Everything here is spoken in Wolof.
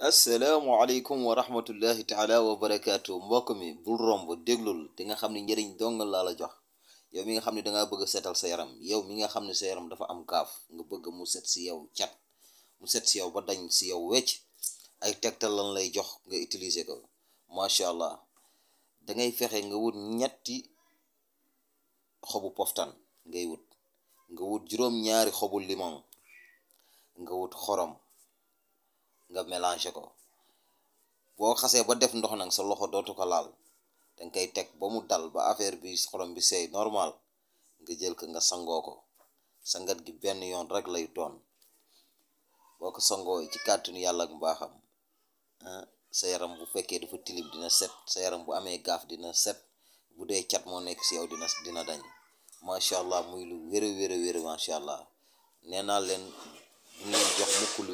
asalaamualeykum wa rahmatullahi taala wa barakaatu mbokk mi bul romb déglul te nga xam ne njëriñ dong laa la jox yow mi nga xam ne dangaa bëgg a seetal sa yaram yow mi nga xam ne sa yaram dafa am kaaf nga bëgg mu set si yow cat mu set si yow ba dañ si yow wecc ay tegtal lan lay jox nga utiliser ko macha allah dangay fexe nga wut ñetti xobu poftan ngay wut nga wut juróom-ñaari xobu limon nga wut xorom nga mélangé ko boo xasee ba def ndox nag sa loxo dootu ko laal danga koy teg ba mu dal ba affaire bi xorom bi seey normal nga jël ko nga sangoo ko sangat gi benn yoon rek lay toon boo ko sangoo ci kàttanu yàlla ak mbaaxam ah, sa yaram bu fekkee dafa tilib dina set sa yaram bu amee gaaf dina set bu dee cat moo nekk si yow dina dina dañ macha allah muy lu wér a wér macha allah nee naa leen du jox mukk lu